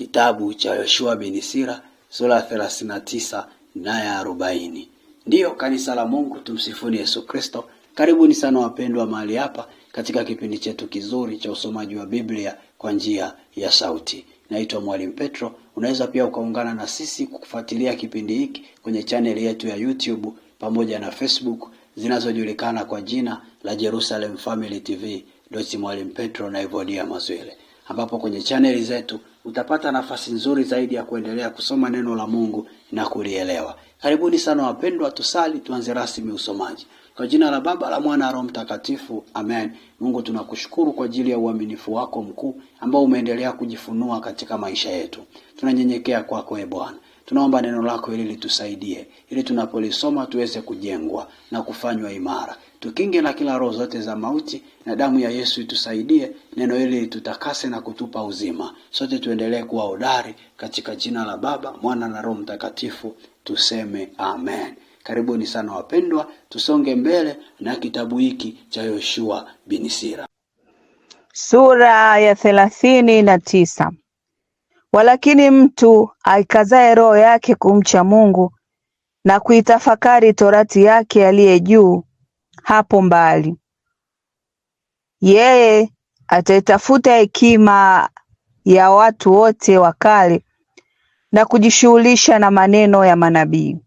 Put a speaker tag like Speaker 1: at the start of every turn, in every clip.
Speaker 1: kitabu cha Yoshua bin Sira sura ya na ya 40. Ndiyo kanisa la Mungu, tumsifuni Yesu Kristo. Karibuni sana wapendwa mahali hapa katika kipindi chetu kizuri cha usomaji wa Biblia kwa njia ya sauti. Naitwa Mwalimu Petro. Unaweza pia ukaungana na sisi kufuatilia kipindi hiki kwenye chaneli yetu ya YouTube pamoja na Facebook zinazojulikana kwa jina la Jerusalem Family TV. Mwalimu Petro na Evodia Mazwile ambapo kwenye chaneli zetu utapata nafasi nzuri zaidi ya kuendelea kusoma neno la Mungu na kulielewa. Karibuni sana wapendwa, tusali tuanze rasmi usomaji. Kwa jina la Baba la Mwana Roho Mtakatifu, amen. Mungu tunakushukuru kwa ajili ya uaminifu wako mkuu ambao umeendelea kujifunua katika maisha yetu. Tunanyenyekea kwako e Bwana, tunaomba neno lako ili litusaidie, ili tunapolisoma tuweze kujengwa na kufanywa imara tukinge na kila roho zote za mauti, na damu ya Yesu itusaidie, neno hili tutakase na kutupa uzima. Sote tuendelee kuwa hodari katika jina la Baba, Mwana na Roho Mtakatifu, tuseme amen. Karibuni sana wapendwa, tusonge mbele na kitabu hiki cha Yoshua bin Sira
Speaker 2: sura ya thelathini na tisa. Walakini mtu aikazae roho yake kumcha Mungu na kuitafakari torati yake aliye juu hapo mbali. Yeye ataitafuta hekima ya watu wote wa kale na kujishughulisha na maneno ya manabii.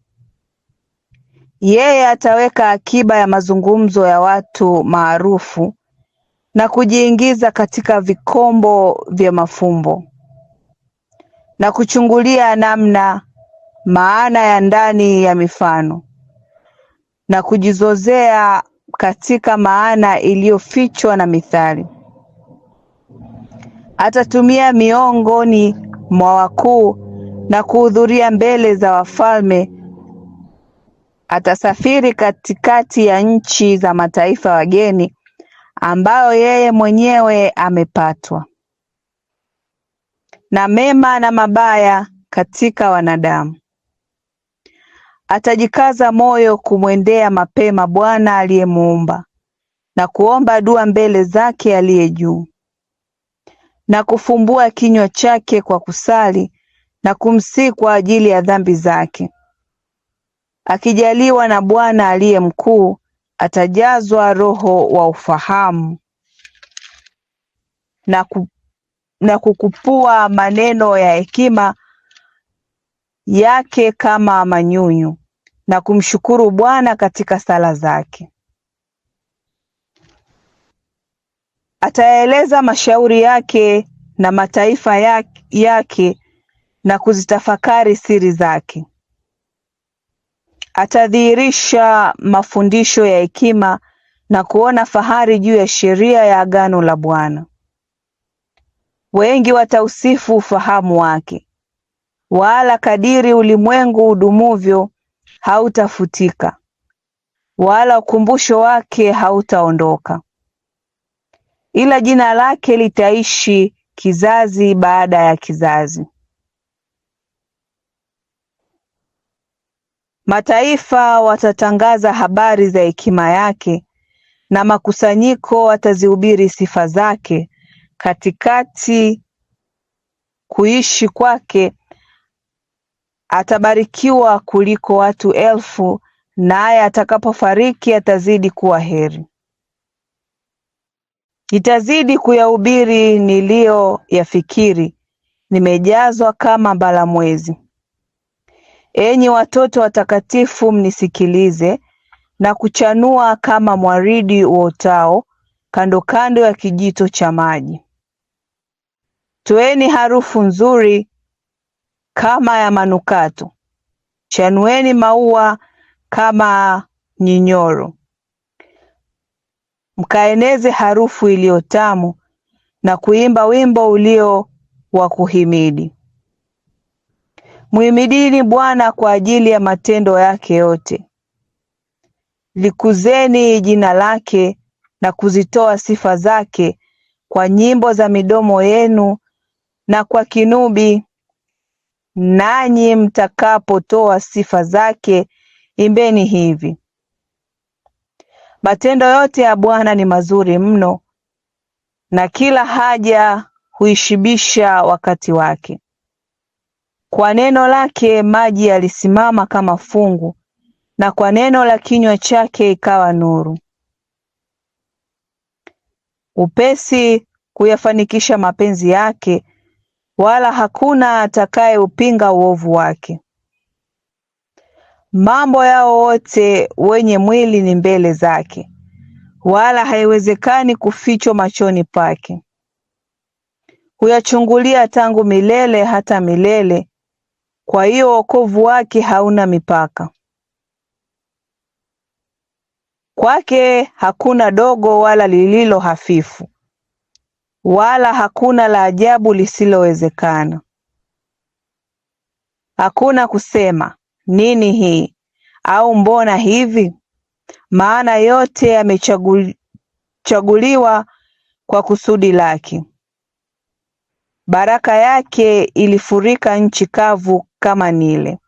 Speaker 2: Yeye ataweka akiba ya mazungumzo ya watu maarufu na kujiingiza katika vikombo vya mafumbo na kuchungulia namna maana ya ndani ya mifano na kujizozea katika maana iliyofichwa na mithali. Atatumia miongoni mwa wakuu na kuhudhuria mbele za wafalme. Atasafiri katikati ya nchi za mataifa wageni, ambayo yeye mwenyewe amepatwa na mema na mabaya katika wanadamu. Atajikaza moyo kumwendea mapema Bwana aliyemuumba, na kuomba dua mbele zake aliye juu, na kufumbua kinywa chake kwa kusali na kumsi kwa ajili ya dhambi zake. Akijaliwa na Bwana aliye mkuu, atajazwa roho wa ufahamu na, ku, na kukupua maneno ya hekima yake kama manyunyu na kumshukuru Bwana katika sala zake. Atayaeleza mashauri yake na mataifa yake, yake na kuzitafakari siri zake. Atadhihirisha mafundisho ya hekima na kuona fahari juu ya sheria ya agano la Bwana. Wengi watausifu ufahamu wake wala kadiri ulimwengu udumuvyo hautafutika, wala ukumbusho wake hautaondoka, ila jina lake litaishi kizazi baada ya kizazi. Mataifa watatangaza habari za hekima yake, na makusanyiko watazihubiri sifa zake. Katikati kuishi kwake atabarikiwa kuliko watu elfu naye atakapofariki atazidi kuwa heri. Itazidi kuyahubiri yafikiri nimejazwa kama mbalamwezi. Enyi watoto watakatifu, mnisikilize na kuchanua kama mwaridi uotao kando kando ya kijito cha maji. Toeni harufu nzuri kama ya manukato, chanueni maua kama nyinyoro, mkaeneze harufu iliyo tamu na kuimba wimbo ulio wa kuhimidi. Muhimidini Bwana kwa ajili ya matendo yake yote, likuzeni jina lake na kuzitoa sifa zake kwa nyimbo za midomo yenu na kwa kinubi nanyi mtakapotoa sifa zake, imbeni hivi: matendo yote ya Bwana ni mazuri mno, na kila haja huishibisha wakati wake. Kwa neno lake maji yalisimama kama fungu, na kwa neno la kinywa chake ikawa nuru. Upesi kuyafanikisha mapenzi yake, wala hakuna atakayeupinga uovu wake. Mambo yao wote wenye mwili ni mbele zake, wala haiwezekani kufichwa machoni pake. Huyachungulia tangu milele hata milele, kwa hiyo wokovu wake hauna mipaka. Kwake hakuna dogo wala lililo hafifu wala hakuna la ajabu lisilowezekana. Hakuna kusema nini hii au mbona hivi, maana yote yamechaguliwa kwa kusudi lake. Baraka yake ilifurika nchi kavu kama Nile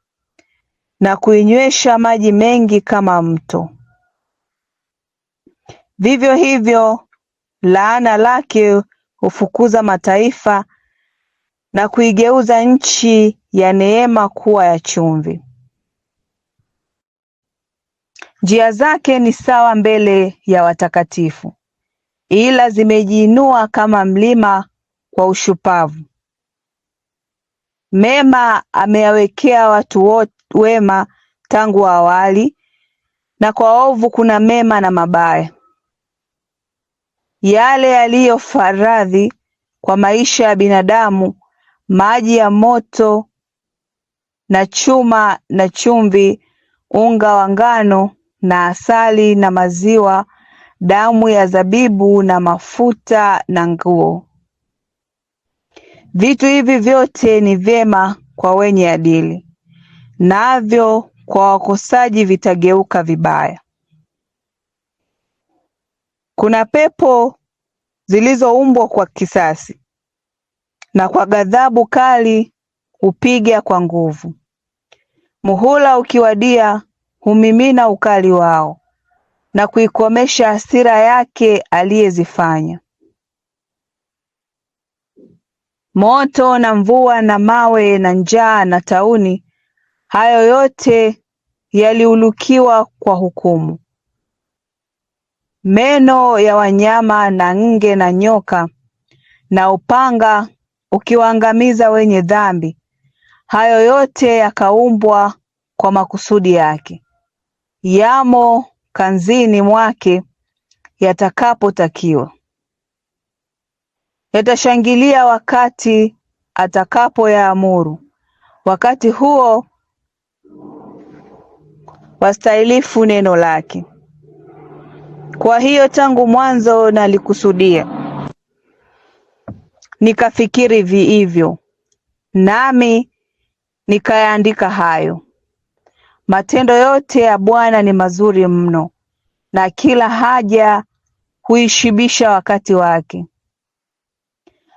Speaker 2: na kuinywesha maji mengi kama mto. Vivyo hivyo laana lake hufukuza mataifa na kuigeuza nchi ya neema kuwa ya chumvi. Njia zake ni sawa mbele ya watakatifu, ila zimejiinua kama mlima kwa ushupavu. Mema ameyawekea watu wema tangu awali, na kwa ovu kuna mema na mabaya yale yaliyo faradhi kwa maisha ya binadamu: maji ya moto na chuma na chumvi, unga wa ngano na asali na maziwa, damu ya zabibu na mafuta na nguo. Vitu hivi vyote ni vyema kwa wenye adili navyo kwa wakosaji vitageuka vibaya. Kuna pepo zilizoumbwa kwa kisasi, na kwa ghadhabu kali hupiga kwa nguvu. Muhula ukiwadia, humimina ukali wao, na kuikomesha hasira yake aliyezifanya. Moto na mvua na mawe na njaa na tauni, hayo yote yaliulukiwa kwa hukumu meno ya wanyama na nge na nyoka, na upanga ukiwaangamiza wenye dhambi. Hayo yote yakaumbwa kwa makusudi yake, yamo kanzini mwake yatakapotakiwa. Yatashangilia wakati atakapoyaamuru. Wakati huo wastahilifu neno lake. Kwa hiyo tangu mwanzo nalikusudia, nikafikiri viivyo, nami nikayaandika hayo. Matendo yote ya Bwana ni mazuri mno, na kila haja huishibisha wakati wake.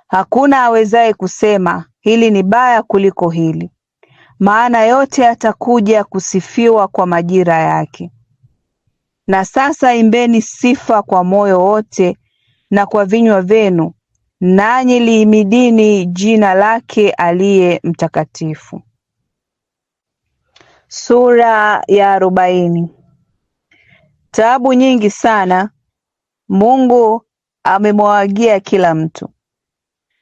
Speaker 2: Hakuna awezaye kusema hili ni baya kuliko hili, maana yote yatakuja kusifiwa kwa majira yake. Na sasa imbeni sifa kwa moyo wote na kwa vinywa vyenu, nanyi liimidini jina lake aliye mtakatifu. Sura ya arobaini. Taabu nyingi sana Mungu amemwagia kila mtu,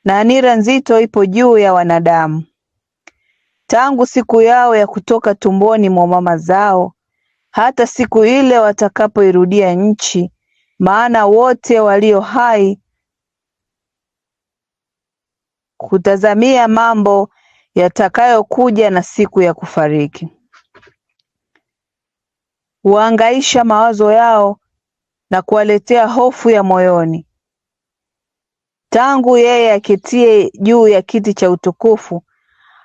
Speaker 2: na nira nzito ipo juu ya wanadamu tangu siku yao ya kutoka tumboni mwa mama zao hata siku ile watakapoirudia nchi, maana wote walio hai kutazamia mambo yatakayokuja na siku ya kufariki. Huangaisha mawazo yao na kuwaletea hofu ya moyoni. Tangu yeye aketie juu ya kiti cha utukufu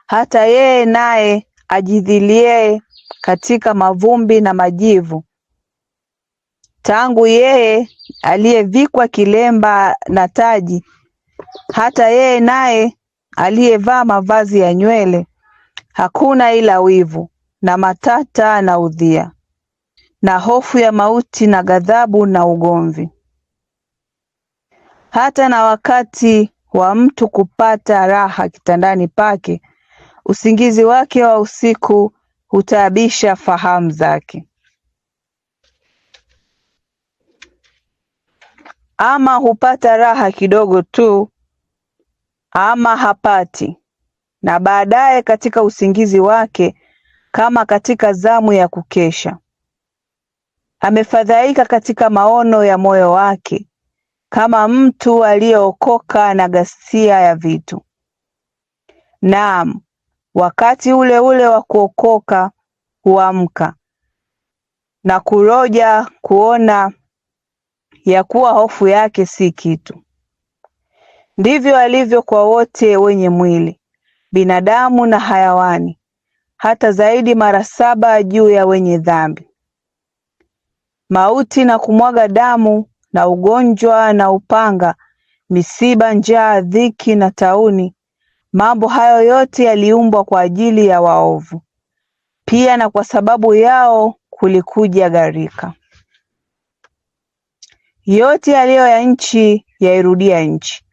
Speaker 2: hata yeye naye ajidhiliee katika mavumbi na majivu, tangu yeye aliyevikwa kilemba na taji hata yeye naye aliyevaa mavazi ya nywele, hakuna ila wivu na matata na udhia na hofu ya mauti na ghadhabu na ugomvi. Hata na wakati wa mtu kupata raha kitandani pake, usingizi wake wa usiku Hutaabisha fahamu zake ama hupata raha kidogo tu ama hapati, na baadaye katika usingizi wake kama katika zamu ya kukesha, amefadhaika katika maono ya moyo wake kama mtu aliyeokoka na ghasia ya vitu. Naam, wakati uleule wa kuokoka huamka na kuroja kuona ya kuwa hofu yake si kitu. Ndivyo alivyo kwa wote wenye mwili, binadamu na hayawani, hata zaidi mara saba juu ya wenye dhambi. Mauti na kumwaga damu na ugonjwa na upanga, misiba, njaa, dhiki na tauni Mambo hayo yote yaliumbwa kwa ajili ya waovu, pia na kwa sababu yao kulikuja gharika. Yote yaliyo ya nchi yairudia nchi,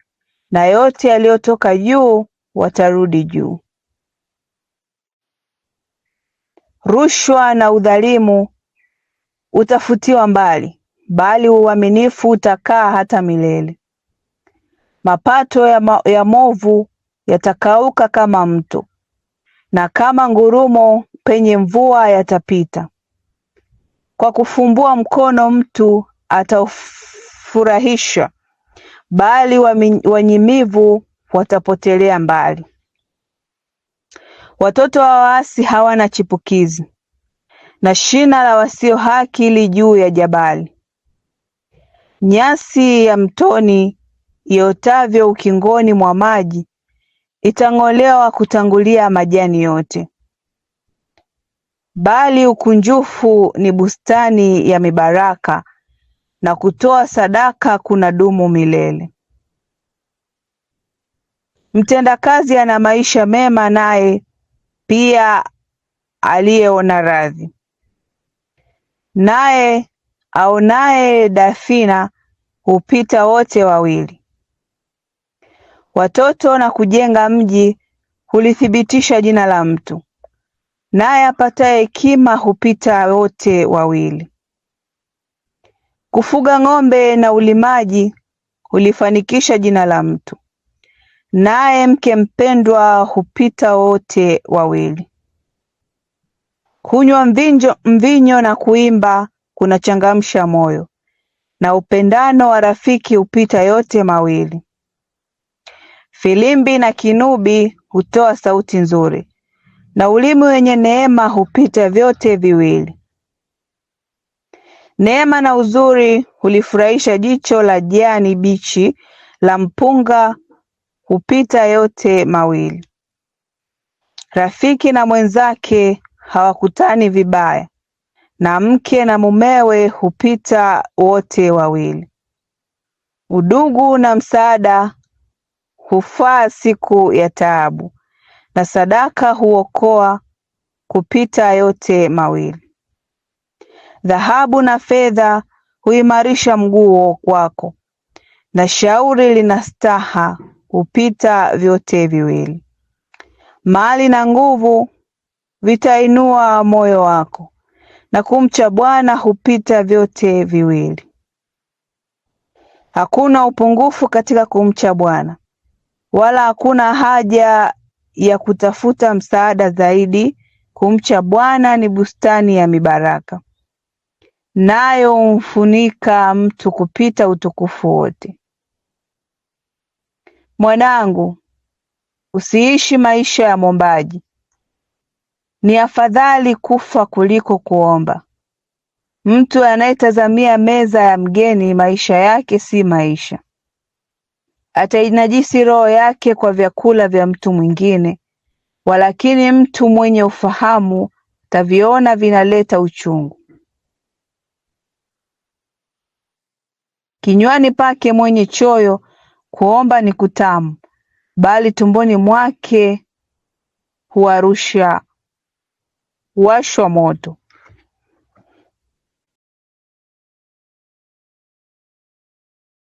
Speaker 2: na yote yaliyotoka juu watarudi juu. Rushwa na udhalimu utafutiwa mbali, bali uaminifu utakaa hata milele. Mapato ya, ma, ya movu yatakauka kama mto, na kama ngurumo penye mvua yatapita. Kwa kufumbua mkono mtu ataufurahisha, bali wanyimivu watapotelea mbali. Watoto wa waasi hawana chipukizi, na shina la wasio haki li juu ya jabali. Nyasi ya mtoni iotavyo ukingoni mwa maji itang'olewa kutangulia majani yote, bali ukunjufu ni bustani ya mibaraka na kutoa sadaka kuna dumu milele. Mtendakazi ana maisha mema, naye pia aliyeona radhi, naye aonaye dafina hupita wote wawili watoto na kujenga mji hulithibitisha jina la mtu, naye apataye hekima hupita wote wawili. Kufuga ng'ombe na ulimaji hulifanikisha jina la mtu, naye mke mpendwa hupita wote wawili. Kunywa mvinyo, mvinyo na kuimba kunachangamsha moyo, na upendano wa rafiki hupita yote mawili. Filimbi na kinubi hutoa sauti nzuri, na ulimi wenye neema hupita vyote viwili. Neema na uzuri hulifurahisha jicho la jani bichi la mpunga hupita yote mawili. Rafiki na mwenzake hawakutani vibaya, na mke na mumewe hupita wote wawili. Udugu na msaada hufaa siku ya taabu, na sadaka huokoa kupita yote mawili. Dhahabu na fedha huimarisha mguu wako, na shauri lina staha hupita vyote viwili. Mali na nguvu vitainua moyo wako, na kumcha Bwana hupita vyote viwili. Hakuna upungufu katika kumcha Bwana, wala hakuna haja ya kutafuta msaada zaidi. Kumcha Bwana ni bustani ya mibaraka, nayo humfunika mtu kupita utukufu wote. Mwanangu, usiishi maisha ya mwombaji. Ni afadhali kufa kuliko kuomba. Mtu anayetazamia meza ya mgeni, maisha yake si maisha atainajisi roho yake kwa vyakula vya mtu mwingine, walakini mtu mwenye ufahamu taviona vinaleta uchungu Kinywani pake mwenye choyo kuomba ni kutamu, bali tumboni mwake huarusha huwashwa moto.